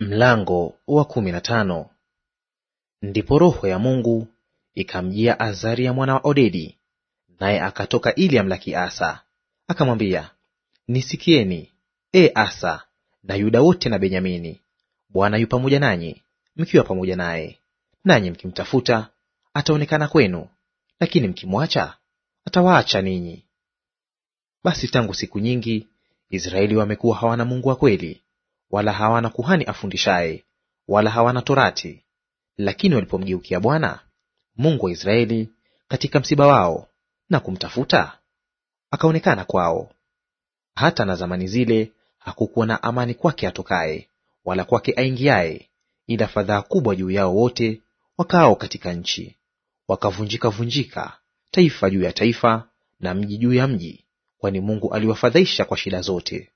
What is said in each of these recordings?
Mlango wa kumi na tano. Ndipo roho ya Mungu ikamjia Azaria mwana wa Odedi, naye akatoka ili amlaki Asa. Akamwambia, nisikieni, e Asa na Yuda wote na Benyamini, Bwana yu pamoja nanyi mkiwa pamoja naye. Nanyi mkimtafuta ataonekana kwenu, lakini mkimwacha atawaacha ninyi. Basi tangu siku nyingi Israeli wamekuwa hawana Mungu wa kweli wala hawana kuhani afundishaye, wala hawana Torati. Lakini walipomgeukia Bwana Mungu wa Israeli katika msiba wao na kumtafuta, akaonekana kwao. Hata na zamani zile hakukuwa na amani kwake atokaye, wala kwake aingiaye, ila fadhaa kubwa juu yao wote wakaao katika nchi. Wakavunjika vunjika taifa juu ya taifa, na mji juu ya mji, kwani Mungu aliwafadhaisha kwa shida zote.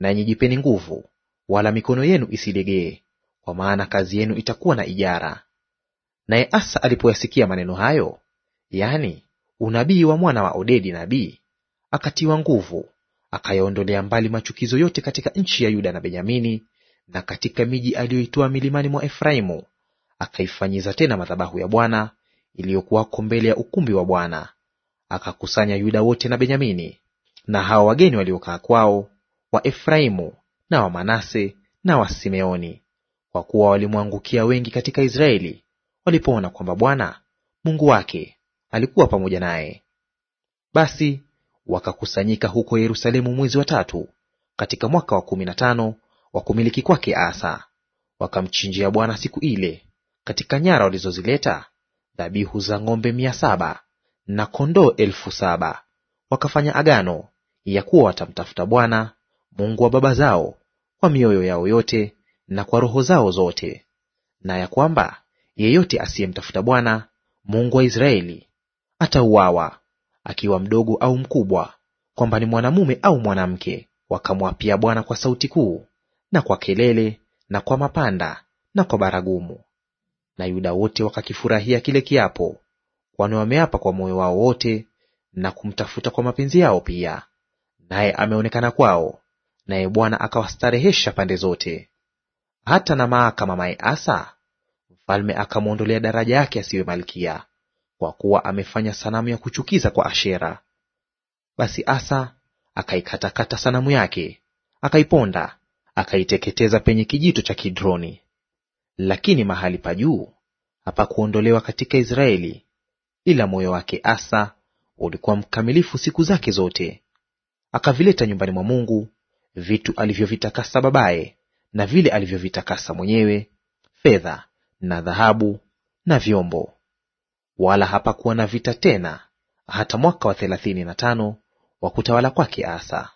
Nanyi jipeni nguvu, wala mikono yenu isilegee, kwa maana kazi yenu itakuwa na ijara. Naye Asa alipoyasikia maneno hayo, yani unabii wa mwana wa Odedi nabii, akatiwa nguvu, akayaondolea mbali machukizo yote katika nchi ya Yuda na Benyamini, na katika miji aliyoitoa milimani mwa Efraimu, akaifanyiza tena madhabahu ya Bwana iliyokuwako mbele ya ukumbi wa Bwana. Akakusanya Yuda wote na Benyamini na hao wageni waliokaa kwao wa Efraimu na Manase na Wasimeoni, kwa kuwa walimwangukia wengi katika Israeli walipoona kwamba Bwana Mungu wake alikuwa pamoja naye. Basi wakakusanyika huko Yerusalemu mwezi wa tatu katika mwaka wa kumi na tano wa kumiliki kwake Asa, wakamchinjia Bwana siku ile katika nyara walizozileta dhabihu za ng'ombe mia saba na kondoo elfu saba. Wakafanya agano ya kuwa watamtafuta Bwana Mungu wa baba zao kwa mioyo yao yote na kwa roho zao zote, na ya kwamba yeyote asiyemtafuta Bwana Mungu wa Israeli atauawa, akiwa mdogo au mkubwa, kwamba ni mwanamume au mwanamke. Wakamwapia Bwana kwa sauti kuu na kwa kelele na kwa mapanda na kwa baragumu. Na Yuda wote wakakifurahia kile kiapo, kwani wameapa kwa moyo wao wote na kumtafuta kwa mapenzi yao pia, naye ameonekana kwao naye Bwana akawastarehesha pande zote. Hata na Maaka mamaye Asa mfalme akamwondolea daraja yake asiwe malkia, kwa kuwa amefanya sanamu ya kuchukiza kwa Ashera. Basi Asa akaikatakata sanamu yake, akaiponda, akaiteketeza penye kijito cha Kidroni. Lakini mahali pa juu hapakuondolewa katika Israeli, ila moyo wake Asa ulikuwa mkamilifu siku zake zote. Akavileta nyumbani mwa Mungu vitu alivyovitakasa babaye na vile alivyovitakasa mwenyewe, fedha na dhahabu na vyombo. Wala hapakuwa na vita tena hata mwaka wa thelathini na tano wa kutawala kwake Asa.